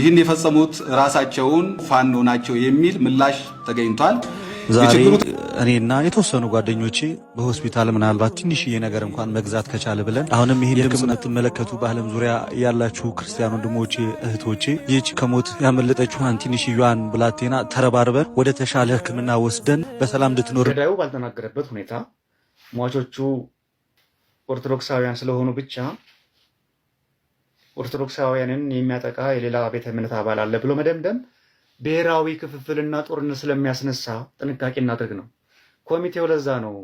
ይህን የፈጸሙት ራሳቸውን ፋኖ ናቸው የሚል ምላሽ ተገኝቷል። ዛሬ እኔና የተወሰኑ ጓደኞቼ በሆስፒታል ምናልባት ትንሽዬ ነገር እንኳን መግዛት ከቻለ ብለን አሁንም ይህን ድምፅ የምትመለከቱ በዓለም ዙሪያ ያላችሁ ክርስቲያን ወንድሞቼ እህቶቼ፣ ይህች ከሞት ያመለጠችዋን ትንሽዬዋን ብላቴና ተረባርበን ወደ ተሻለ ሕክምና ወስደን በሰላም እንድትኖር ገዳዩ ባልተናገረበት ሁኔታ ሟቾቹ ኦርቶዶክሳውያን ስለሆኑ ብቻ ኦርቶዶክሳውያንን የሚያጠቃ የሌላ ቤተ እምነት አባል አለ ብሎ መደምደም ብሔራዊ ክፍፍልና ጦርነት ስለሚያስነሳ ጥንቃቄ እናድርግ ነው ኮሚቴው። ለዛ ነው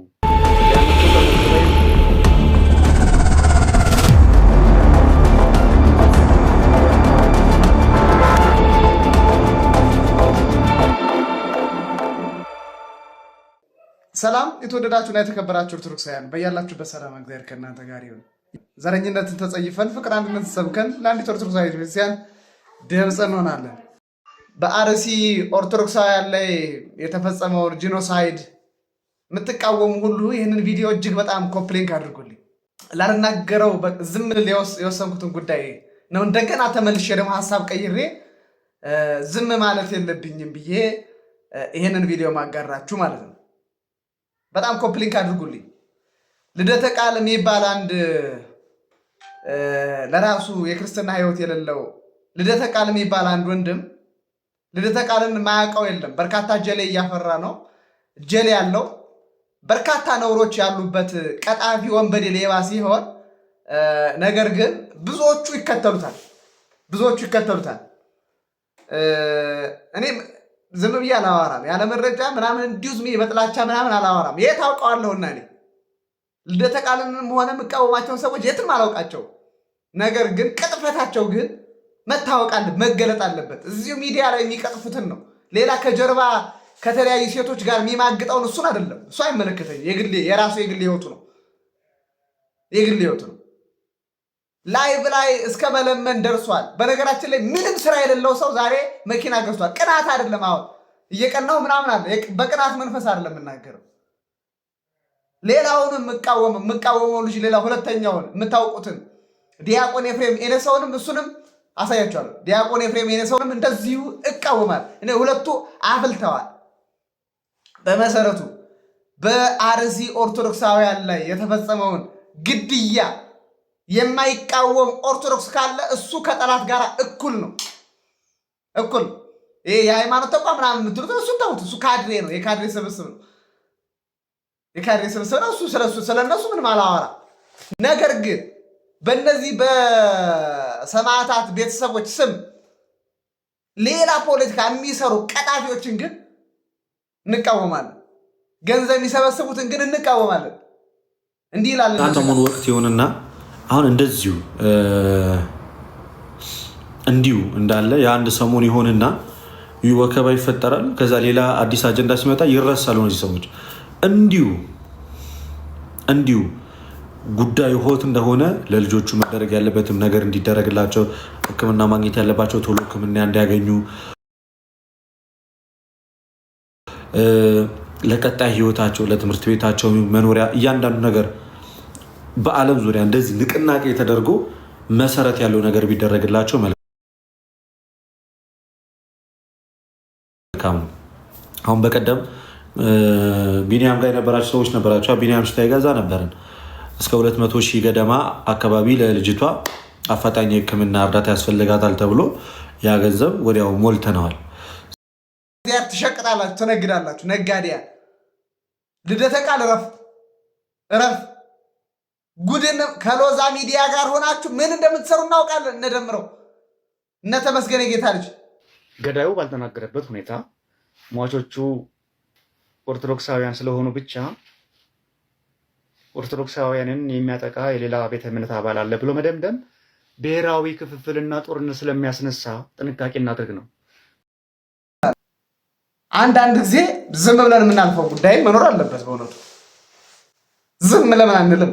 ሰላም የተወደዳችሁና የተከበራችሁ ኦርቶዶክሳውያን በያላችሁበት ሰላም እግዚአብሔር ከእናንተ ጋር ይሁን። ዘረኝነትን ተጸይፈን ፍቅር አንድነት ሰብከን ለአንዲት ኦርቶዶክሳዊ ቤተክርስቲያን ድምፅ እንሆናለን። በአርሲ ኦርቶዶክሳውያን ላይ የተፈጸመውን ጂኖሳይድ የምትቃወሙ ሁሉ ይህንን ቪዲዮ እጅግ በጣም ኮፕሊንክ አድርጉልኝ። ላልናገረው ዝም የወሰንኩትን ጉዳይ ነው። እንደገና ተመልሼ ደግሞ ሀሳብ ቀይሬ ዝም ማለት የለብኝም ብዬ ይህንን ቪዲዮ ማጋራችሁ ማለት ነው። በጣም ኮፕሊንክ አድርጉልኝ። ልደተ ቃል የሚባል አንድ ለራሱ የክርስትና ህይወት የሌለው ልደተ ቃል የሚባል አንድ ወንድም ልደተ ቃልን ማያውቀው የለም። በርካታ ጀሌ እያፈራ ነው። ጀሌ ያለው በርካታ ነውሮች ያሉበት ቀጣፊ ወንበዴ ሌባ ሲሆን ነገር ግን ብዙዎቹ ይከተሉታል። ብዙዎቹ ይከተሉታል። እኔም ዝም ብዬ አላዋራም፣ ያለ መረጃ ምናምን እንዲሁ ዝም በጥላቻ ምናምን አላዋራም። የት አውቀዋለሁና እኔ ልደተ ቃልንም ሆነ የምቃወማቸውን ሰዎች የትም አላውቃቸው ነገር ግን ቅጥፈታቸው ግን መታወቅ አለ መገለጥ አለበት። እዚሁ ሚዲያ ላይ የሚቀጥፉትን ነው። ሌላ ከጀርባ ከተለያዩ ሴቶች ጋር የሚማግጠውን እሱን አይደለም። እሱ አይመለከተኝ። የግሌ የራሱ የግሌ ህይወቱ ነው። የግል ህይወቱ ነው። ላይቭ ላይ እስከ መለመን ደርሷል። በነገራችን ላይ ምንም ስራ የሌለው ሰው ዛሬ መኪና ገዝቷል። ቅናት አይደለም። አሁን እየቀናው ምናምን አለ። በቅናት መንፈስ አይደለም የምናገረው። ሌላውን የምቃወመው ልጅ ሌላ ሁለተኛውን የምታውቁትን ዲያቆን ኤፍሬም ኤነሰውንም እሱንም አሳያቸዋል። ዲያቆን ኤፍሬም ኤነሰውንም እንደዚሁ እቃወማል። እኔ ሁለቱ አፍልተዋል። በመሰረቱ በአርሲ ኦርቶዶክሳውያን ላይ የተፈጸመውን ግድያ የማይቃወም ኦርቶዶክስ ካለ እሱ ከጠላት ጋር እኩል ነው፣ እኩል ይህ የሃይማኖት ተቋም ምናምን የምትሉት እሱ ታውት፣ እሱ ካድሬ ነው፣ የካድሬ ስብስብ ነው፣ የካድሬ ስብስብ ነው። እሱ ስለሱ ስለነሱ ምንም አላወራ ነገር ግን በእነዚህ በሰማዕታት ቤተሰቦች ስም ሌላ ፖለቲካ የሚሰሩ ቀጣፊዎችን ግን እንቃወማለን። ገንዘብ የሚሰበስቡትን ግን እንቃወማለን። እንዲህ ይላለን። ሰሞኑ ወቅት ይሁንና አሁን እንደዚሁ እንዲሁ እንዳለ የአንድ ሰሞን ይሆንና ወከባ ይፈጠራል። ከዛ ሌላ አዲስ አጀንዳ ሲመጣ ይረሳሉ እነዚህ ሰዎች እንዲሁ እንዲሁ ጉዳዩ ሆት እንደሆነ ለልጆቹ መደረግ ያለበትም ነገር እንዲደረግላቸው፣ ሕክምና ማግኘት ያለባቸው ቶሎ ሕክምና እንዲያገኙ፣ ለቀጣይ ህይወታቸው ለትምህርት ቤታቸው መኖሪያ፣ እያንዳንዱ ነገር በዓለም ዙሪያ እንደዚህ ንቅናቄ ተደርጎ መሰረት ያለው ነገር ቢደረግላቸው መልካም ነው። አሁን በቀደም ቢኒያም ጋር የነበራቸው ሰዎች ነበራቸው ቢኒያም ሽታይ ጋዛ ነበርን እስከ 200 ሺህ ገደማ አካባቢ ለልጅቷ አፋጣኝ የሕክምና እርዳታ ያስፈልጋታል ተብሎ ያ ገንዘብ ወዲያው ሞልተነዋል። ትሸቅጣላችሁ፣ ትነግዳላችሁ። ነጋዴያ ልደተ ቃል እረፍ እረፍ ጉድን ከሎዛ ሚዲያ ጋር ሆናችሁ ምን እንደምትሰሩ እናውቃለን። እነደምረው እነ ተመስገን ጌታ ልጅ ገዳዩ ባልተናገረበት ሁኔታ ሟቾቹ ኦርቶዶክሳውያን ስለሆኑ ብቻ ኦርቶዶክሳውያንን የሚያጠቃ የሌላ ቤተ እምነት አባል አለ ብሎ መደምደም ብሔራዊ ክፍፍልና ጦርነት ስለሚያስነሳ ጥንቃቄ እናድርግ ነው። አንዳንድ ጊዜ ዝም ብለን የምናልፈው ጉዳይ መኖር አለበት። በእውነቱ ዝም ለምን አንልም?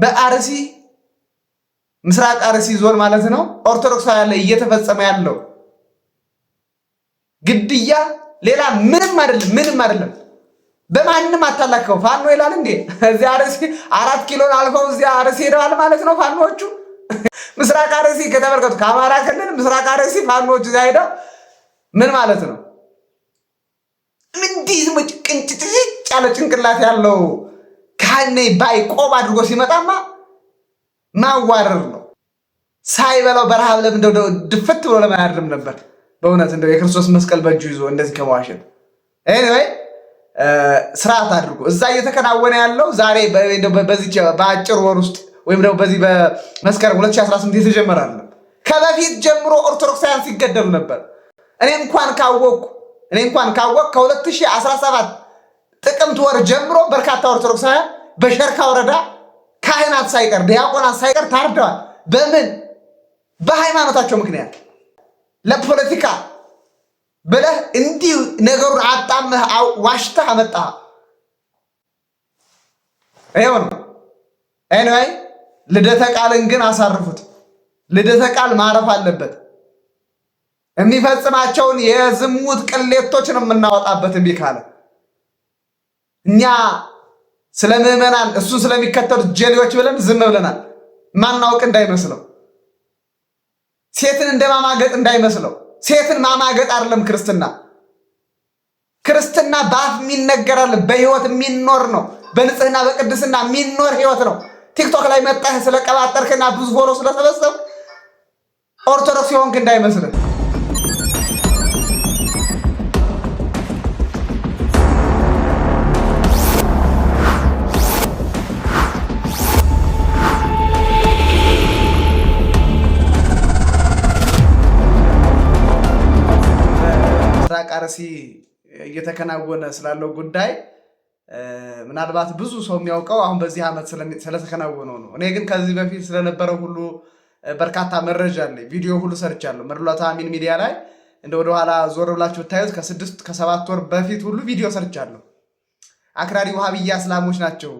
በአርሲ ምስራቅ አርሲ ዞን ማለት ነው ኦርቶዶክሳውያን ላይ እየተፈጸመ ያለው ግድያ ሌላ ምንም አይደለም፣ ምንም አይደለም። በማንም አታላከው ፋኖ ይላል እንዴ? እዚያ አርሲ አራት ኪሎን አልፈው እዚያ አርሲ ሄደዋል ማለት ነው ፋኖዎቹ። ምስራቅ አርሲ ከተመልከቱ ከአማራ ክልል ምስራቅ አርሲ ፋኖዎቹ እዚያ ሄደው ምን ማለት ነው? እንዲህ ዝም ቅንጭጭጭ ያለ ጭንቅላት ያለው ካህኔ ባይ ቆብ አድርጎ ሲመጣማ ማዋረር ነው። ሳይበላው በረሃብ ለም እንደው ድፍት ብሎ ለማያድርም ነበር በእውነት እንደው የክርስቶስ መስቀል በእጁ ይዞ እንደዚህ ከመዋሸት ኤኒዌይ ስርዓት አድርጎ እዛ እየተከናወነ ያለው ዛሬ በዚህ በአጭር ወር ውስጥ ወይም ደግሞ በዚህ በመስከረም 2018 የተጀመረ አይደለም። ከበፊት ጀምሮ ኦርቶዶክሳውያን ሲገደሉ ነበር። እኔ እንኳን ካወቅኩ እኔ እንኳን ካወቅ ከ2017 ጥቅምት ወር ጀምሮ በርካታ ኦርቶዶክሳውያን በሸርካ ወረዳ ካህናት ሳይቀር ዲያቆናት ሳይቀር ታርደዋል። በምን በሃይማኖታቸው ምክንያት ለፖለቲካ ብለህ እንዲህ ነገሩን አጣመህ ዋሽተህ አመጣህ። ይኸው ነው። ኤኒዌይ ልደተ ቃልን ግን አሳርፉት። ልደተ ቃል ማረፍ አለበት። የሚፈጽማቸውን የዝሙት ቅሌቶችን የምናወጣበት እምቢ ካለ እኛ ስለ ምዕመናን እሱን ስለሚከተሉት ጀሌዎች ብለን ዝም ብለናል። ማናውቅ እንዳይመስለው፣ ሴትን እንደማማገጥ እንዳይመስለው ሴትን ማማገጥ አይደለም ክርስትና። ክርስትና በአፍ የሚነገራል፣ በህይወት የሚኖር ነው። በንጽህና በቅድስና የሚኖር ህይወት ነው። ቲክቶክ ላይ መጣህ ስለቀባጠርክና ብዙ ፎሎ ስለሰበሰብ ኦርቶዶክስ የሆንክ እንዳይመስልህ። እየተከናወነ ስላለው ጉዳይ ምናልባት ብዙ ሰው የሚያውቀው አሁን በዚህ ዓመት ስለተከናወነው ነው። እኔ ግን ከዚህ በፊት ስለነበረው ሁሉ በርካታ መረጃ አለኝ። ቪዲዮ ሁሉ ሰርቻለሁ። መድሎት አሚን ሚዲያ ላይ እንደ ወደኋላ ዞር ብላችሁ ብታዩት ከስድስት ከሰባት ወር በፊት ሁሉ ቪዲዮ ሰርቻለሁ። አክራሪ ውሃብያ እስላሞች ናቸው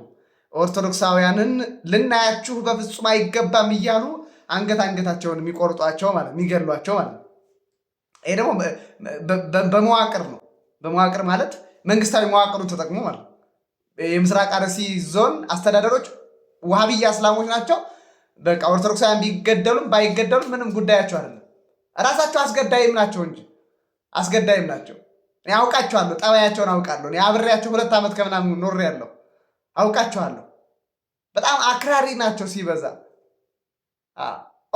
ኦርቶዶክሳውያንን ልናያችሁ በፍጹም አይገባም እያሉ አንገት አንገታቸውን የሚቆርጧቸው ማለት የሚገድሏቸው ማለት ይሄ ደግሞ በመዋቅር ነው። በመዋቅር ማለት መንግስታዊ መዋቅሩን ተጠቅሞ ማለት የምስራቅ አርሲ ዞን አስተዳደሮች ውሃብያ እስላሞች ናቸው። በቃ ኦርቶዶክሳውያን ቢገደሉም ባይገደሉም ምንም ጉዳያቸው አይደለም። ራሳቸው አስገዳይም ናቸው እንጂ አስገዳይም ናቸው። እኔ አውቃቸዋለሁ፣ ጠባያቸውን አውቃለሁ። እኔ አብሬያቸው ሁለት ዓመት ከምናምን ኖሬ ያለው አውቃቸዋለሁ። በጣም አክራሪ ናቸው ሲበዛ።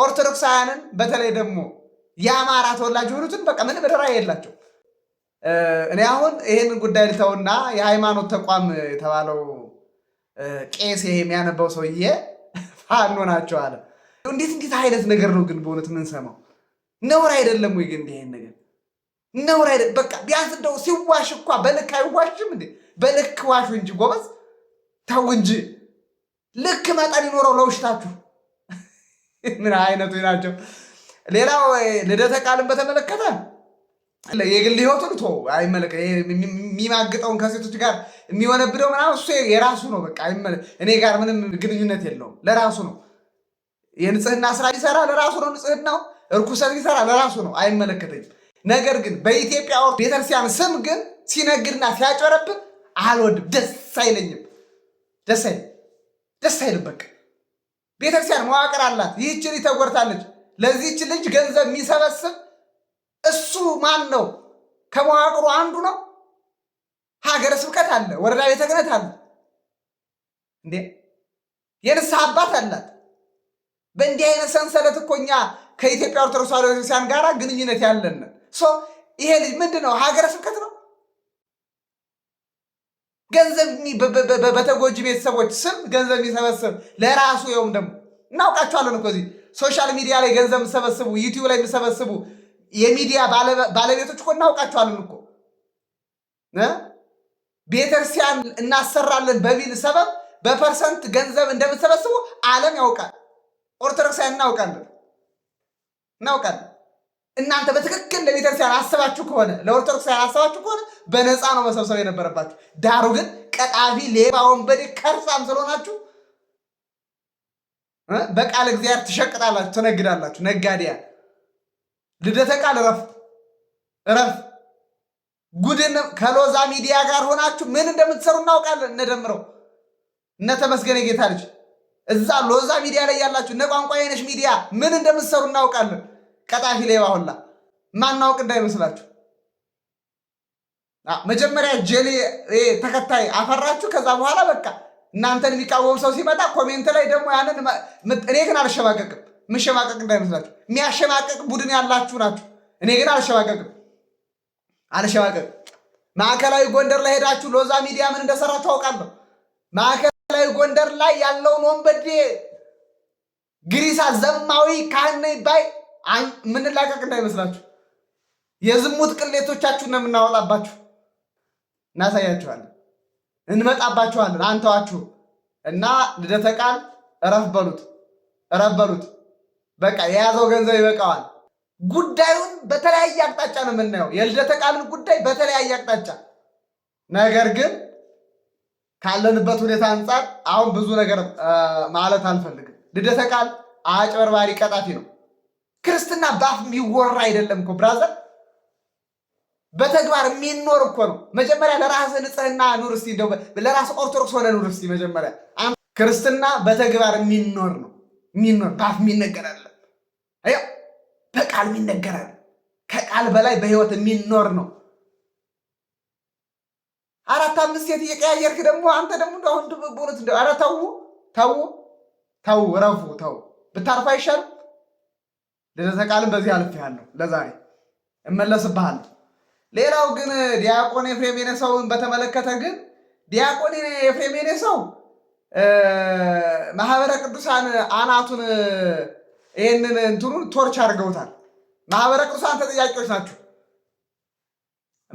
ኦርቶዶክሳውያንን በተለይ ደግሞ የአማራ ተወላጅ የሆኑትን በቃ ምንም በደራ የላቸው እኔ አሁን ይህን ጉዳይ ልተውና የሃይማኖት ተቋም የተባለው ቄስ ይሄ የሚያነባው ሰውዬ ፋኖ ናቸው አለ። እንዴት እንዴት አይነት ነገር ነው ግን በእውነት የምንሰማው? ነውር አይደለም ወይ ግን ይሄን ነገር ነውር አይደ በቃ ቢያንስ እንደው ሲዋሽ እኳ በልክ አይዋሽም እንዴ? በልክ ዋሹ እንጂ ጎበዝ፣ ተው እንጂ ልክ መጠን ይኖረው ለውሽታችሁ። ምን አይነቱ ናቸው? ሌላው ልደተ ቃልን በተመለከተ የግል ህይወቱን ቶ አይመለከ የሚማግጠውን ከሴቶች ጋር የሚወነብደው ምናምን እሱ የራሱ ነው። በቃ እኔ ጋር ምንም ግንኙነት የለውም። ለራሱ ነው። የንጽህና ስራ ሊሰራ ለራሱ ነው። ንጽህናው እርኩሰት ሊሰራ ለራሱ ነው። አይመለከተኝም። ነገር ግን በኢትዮጵያ ወር ቤተክርስቲያን ስም ግን ሲነግድና ሲያጨረብን አልወድም። ደስ አይለኝም። ደስ አይ ደስ አይልም። በቃ ቤተክርስቲያን መዋቅር አላት። ይህች ልጅ ተጎድታለች። ለዚህች ልጅ ገንዘብ የሚሰበስብ እሱ ማን ነው? ከመዋቅሩ አንዱ ነው። ሀገረ ስብከት አለ፣ ወረዳ ቤተ ክህነት አለ፣ እንዴ የንስሐ አባት አላት። በእንዲህ አይነት ሰንሰለት እኮ እኛ ከኢትዮጵያ ኦርቶዶክስ ተዋሕዶ ቤተክርስቲያን ጋር ግንኙነት ያለን ሶ ይሄ ልጅ ምንድን ነው? ሀገረ ስብከት ነው። ገንዘብ በተጎጂ ቤተሰቦች ስም ገንዘብ የሚሰበስብ ለራሱ ይኸውም ደግሞ እናውቃቸዋለን እኮ እዚህ ሶሻል ሚዲያ ላይ ገንዘብ የምሰበስቡ ዩቲዩብ ላይ የምሰበስቡ የሚዲያ ባለቤቶች እኮ እናውቃቸዋለን እኮ ቤተክርስቲያን እናሰራለን በሚል ሰበብ በፐርሰንት ገንዘብ እንደምትሰበስቡ ዓለም ያውቃል። ኦርቶዶክሳውያን እናውቃለን እናውቃለን። እናንተ በትክክል ለቤተክርስቲያን አስባችሁ ከሆነ ለኦርቶዶክሳውያን አስባችሁ ከሆነ በነፃ ነው መሰብሰብ የነበረባችሁ። ዳሩ ግን ቀጣፊ፣ ሌባ፣ ወንበዴ፣ ከርሳም ስለሆናችሁ በቃል እግዚአብሔር ትሸቅጣላችሁ፣ ትነግዳላችሁ። ነጋዴያን። ልደተ ቃል እረፍ እረፍ። ጉድን ከሎዛ ሚዲያ ጋር ሆናችሁ ምን እንደምትሰሩ እናውቃለን። እነደምረው እነተመስገነ ጌታ ልጅ እዛ ሎዛ ሚዲያ ላይ ያላችሁ እነ ቋንቋ የነሽ ሚዲያ ምን እንደምትሰሩ እናውቃለን። ቀጣፊ ሌባ ሁላ ማናውቅ እንዳይመስላችሁ። መጀመሪያ ጀሌ ተከታይ አፈራችሁ። ከዛ በኋላ በቃ እናንተን የሚቃወም ሰው ሲመጣ ኮሜንት ላይ ደግሞ ያንን እኔ ግን አልሸባቀቅም። ምሸማቀቅ እንዳይመስላችሁ። የሚያሸማቀቅ ቡድን ያላችሁ ናችሁ። እኔ ግን አልሸማቀቅም አልሸማቀቅም። ማዕከላዊ ጎንደር ላይ ሄዳችሁ ሎዛ ሚዲያ ምን እንደሰራችሁ አውቃለሁ። ማዕከላዊ ጎንደር ላይ ያለውን ወንበዴ ግሪሳ ዘማዊ ካህን ባይ ምንላቀቅ እንዳይመስላችሁ። የዝሙት ቅሌቶቻችሁ ነው የምናወጣባችሁ። እናሳያችኋለን፣ እንመጣባችኋለን። አንተዋችሁ እና ልደተ ቃል እረፍ በሉት፣ እረፍ በሉት። በቃ የያዘው ገንዘብ ይበቃዋል። ጉዳዩን በተለያየ አቅጣጫ ነው የምናየው፣ የልደተ ቃልን ጉዳይ በተለያየ አቅጣጫ። ነገር ግን ካለንበት ሁኔታ አንጻር አሁን ብዙ ነገር ማለት አልፈልግም። ልደተ ቃል አጭበርባሪ ቀጣፊ ነው። ክርስትና ባፍ የሚወራ አይደለም እኮ ብራዘር፣ በተግባር የሚኖር እኮ ነው። መጀመሪያ ለራስ ንጽህና ኑር እስቲ፣ ለራስህ ኦርቶዶክስ ሆነ ኑር እስቲ። መጀመሪያ ክርስትና በተግባር የሚኖር ነው፣ የሚኖር ባፍ የሚነገር በቃል የሚነገራል ከቃል በላይ በህይወት የሚኖር ነው። አራት አምስት ሴት እየቀያየርክ ደግሞ አንተ ደግሞ እንደ አሁን ብቡኑት እንደ ኧረ ተው ተው ተው ረፉ ተው ብታርፍ አይሻልም? ልደተ ቃልም በዚህ አልፌሃለሁ። ለዛሬ እመለስብሃለሁ። ሌላው ግን ዲያቆን ኤፍሬም የነሰውን በተመለከተ ግን ዲያቆን ኤፍሬም የነሰው ማህበረ ቅዱሳን አናቱን ይህንን እንትኑን ቶርች አድርገውታል። ማህበረ ቅዱሳን ተጠያቂዎች ናቸው።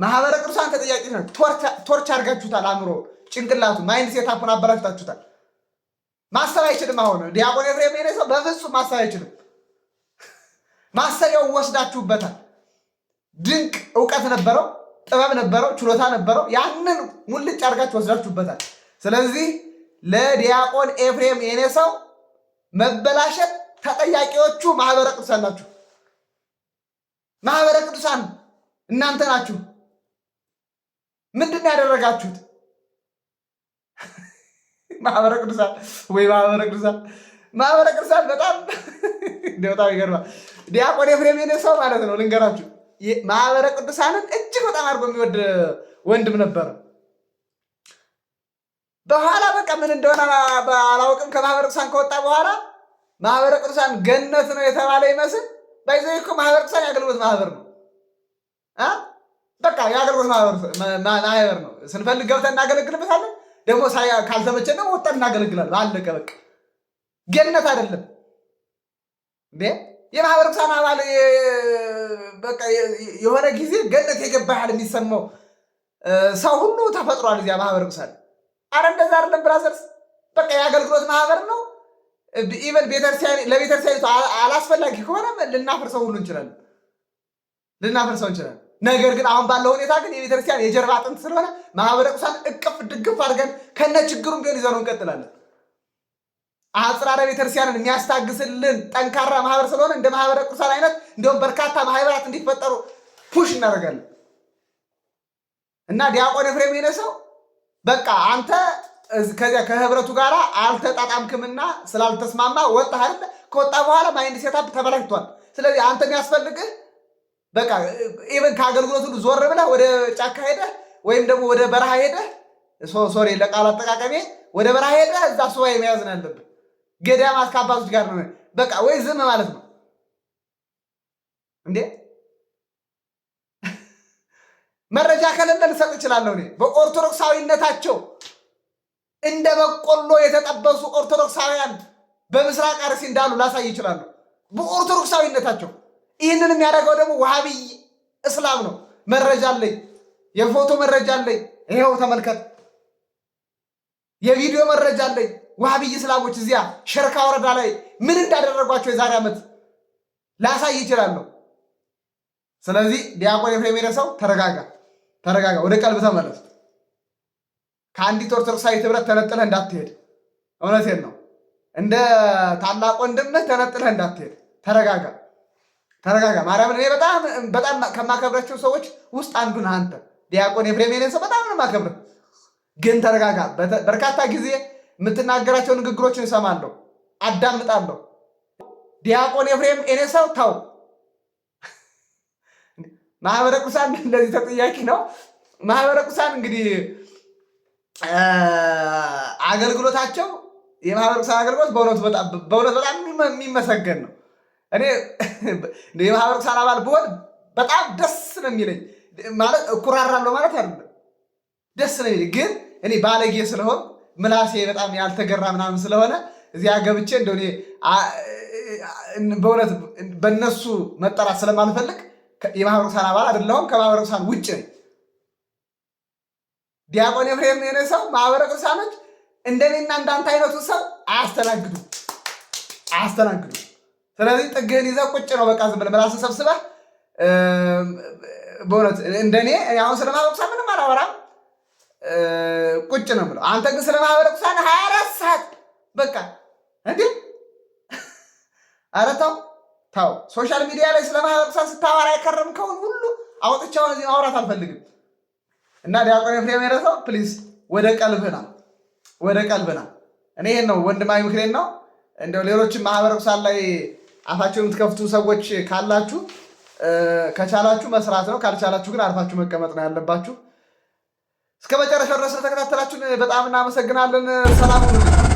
ማህበረ ቅዱሳን ተጠያቂዎች ናቸው። ቶርች አድርጋችሁታል። አእምሮ ጭንቅላቱ ማይንድ ሴታፑን አበላሽታችሁታል። ማሰብ አይችልም። አሁን ዲያቆን ኤፍሬም የኔ ሰው በፍጹም ማሰብ አይችልም። ማሰቢያው ወስዳችሁበታል። ድንቅ እውቀት ነበረው፣ ጥበብ ነበረው፣ ችሎታ ነበረው። ያንን ሙልጭ አድርጋችሁ ወስዳችሁበታል። ስለዚህ ለዲያቆን ኤፍሬም የኔ ሰው መበላሸት ተጠያቂዎቹ ማህበረ ቅዱሳን ናችሁ። ማህበረ ቅዱሳን እናንተ ናችሁ። ምንድን ነው ያደረጋችሁት? ማህበረ ቅዱሳን ወይ ማህበረ ቅዱሳን ማህበረ ቅዱሳን በጣም በጣም ይገርማል። ዲያቆን ኤፍሬም ሰው ማለት ነው። ልንገራችሁ፣ ማህበረ ቅዱሳንን እጅግ በጣም አድርጎ የሚወድ ወንድም ነበር በኋላ በቃ ምን እንደሆነ አላውቅም። ከማህበረ ቅዱሳን ከወጣ በኋላ ማህበረ ቅዱሳን ገነት ነው የተባለ ይመስል ባይዘ እኮ ማህበረ ቅዱሳን የአገልግሎት ማህበር ነው። በቃ የአገልግሎት ማህበር ነው። ስንፈልግ ገብተን እናገለግልበታለን። ደግሞ ካልተመቸን ደግሞ ወጣን እናገለግላለን። አለቀ በቃ። ገነት አይደለም እንዴ? የማህበረ ቅዱሳን አባል የሆነ ጊዜ ገነት የገባ ያህል የሚሰማው ሰው ሁሉ ተፈጥሯል። እዚያ ማህበረ ቅዱሳን አረ እንደዛ አይደለም ብራዘርስ። በቃ የአገልግሎት ማህበር ነው። ኢቨን ቤተክርስቲያን ለቤተክርስቲያን አላስፈላጊ ከሆነ ልናፈርሰው ሁሉ እንችላለን፣ ልናፈርሰው እንችላለን። ነገር ግን አሁን ባለው ሁኔታ ግን የቤተክርስቲያን የጀርባ አጥንት ስለሆነ ማህበረ ቅዱሳን እቅፍ ድግፍ አድርገን ከነ ችግሩም ቢሆን ይዘነው እንቀጥላለን። አጽራረ ቤተክርስቲያንን የሚያስታግስልን ጠንካራ ማህበር ስለሆነ እንደ ማህበረ ቅዱሳን አይነት እንዲሁም በርካታ ማህበራት እንዲፈጠሩ ፑሽ እናደርጋለን እና ዲያቆን ኤፍሬም ሰው በቃ አንተ ከዚያ ከህብረቱ ጋር አልተጣጣምክምና ስላልተስማማ ወጣህ አይደለ? ከወጣ በኋላ ማይንድ ሴታፕ ተበላሽቷል። ስለዚህ አንተ የሚያስፈልግህ በቃ ኢቨን ከአገልግሎት ሁሉ ዞር ብለህ ወደ ጫካ ሄደህ ወይም ደግሞ ወደ በረሃ ሄደህ ሶሪ ለቃል አጠቃቀሜ ወደ በረሃ ሄደህ እዛ ሱባኤ መያዝ ነው ያለብህ። ገዳማት ከአባቶች ጋር ነው በቃ ወይ ዝም ማለት ነው እንዴ። መረጃ ከሌለ ልሰጥ እችላለሁ እኔ በኦርቶዶክሳዊነታቸው እንደ በቆሎ የተጠበሱ ኦርቶዶክሳውያን በምስራቅ አርሲ እንዳሉ ላሳይ ይችላሉ። በኦርቶዶክሳዊነታቸው ይህንን የሚያደርገው ደግሞ ውሃብይ እስላም ነው። መረጃ አለኝ፣ የፎቶ መረጃ አለኝ። ይሄው ተመልከት፣ የቪዲዮ መረጃ አለኝ። ውሃብይ እስላሞች እዚያ ሸርካ ወረዳ ላይ ምን እንዳደረጓቸው የዛሬ ዓመት ላሳይ ይችላሉ። ስለዚህ ዲያቆን የፍሬሜረ ሰው ተረጋጋ፣ ተረጋጋ፣ ወደ ቀልብ ተመለስ። ከአንዲት ኦርቶዶክሳዊት ህብረት ተነጥለህ እንዳትሄድ። እውነቴን ነው። እንደ ታላቅ ወንድምህ ተነጥለህ እንዳትሄድ። ተረጋጋ፣ ተረጋጋ። ማርያምን እኔ በጣም በጣም ከማከብራቸው ሰዎች ውስጥ አንዱ አንተ ዲያቆን የፍሬሜንን ሰው በጣም ማከብር፣ ግን ተረጋጋ። በርካታ ጊዜ የምትናገራቸው ንግግሮችን እሰማለሁ፣ አዳምጣለሁ። ዲያቆን ኤፍሬም እኔ ሰው ተው። ማህበረ ቅዱሳን እንደዚህ ተጠያቂ ነው። ማህበረ ቅዱሳን እንግዲህ አገልግሎታቸው የማህበረሰብ አገልግሎት በእውነት በጣም የሚመሰገን ነው። እኔ የማህበረሰብ አባል ብሆን በጣም ደስ ነው የሚለኝ። ማለት እኩራራለሁ ማለት አይደለም፣ ደስ ነው የሚለኝ። ግን እኔ ባለጌ ስለሆን ምላሴ በጣም ያልተገራ ምናምን ስለሆነ እዚያ ገብቼ እንደው በእውነት በእነሱ መጠራት ስለማልፈልግ የማህበረሰብ አባል አይደለሁም፣ ከማህበረሰብ ውጭ ነኝ። ዲያቆን ኤፍሬም የሆነ ሰው ማህበረ ቅዱሳኖች እንደኔና እንዳንተ አይነቱ ሰው አያስተናግዱ አያስተናግዱ። ስለዚህ ጥግህን ይዘህ ቁጭ ነው። በቃ ዝም ብለህ ራስን ሰብስበህ በእውነት እንደኔ አሁን ስለ ማህበረ ቅዱሳን ምንም አላወራም፣ ቁጭ ነው ብለው። አንተ ግን ስለ ማህበረ ቅዱሳን ሀያ አራት ሰዓት በቃ እንዴ! ኧረ ተው ተው። ሶሻል ሚዲያ ላይ ስለ ማህበረ ቅዱሳን ስታወራ የከረምከውን ሁሉ አውጥቻውን እዚህ ማውራት አልፈልግም። እና ዲያቆን ኤፍሬም የረሳው ፕሊዝ ወደ ቀልብህ ወደ ቀልብህ እኔ ይሄን ነው ወንድማዊ ምክሬን ነው። እንደው ሌሎችን ማህበረ ላይ አፋቸው የምትከፍቱ ሰዎች ካላችሁ ከቻላችሁ መስራት ነው፣ ካልቻላችሁ ግን አርፋችሁ መቀመጥ ነው ያለባችሁ። እስከ መጨረሻው ድረስ ስለተከታተላችሁን በጣም እናመሰግናለን። ሰላም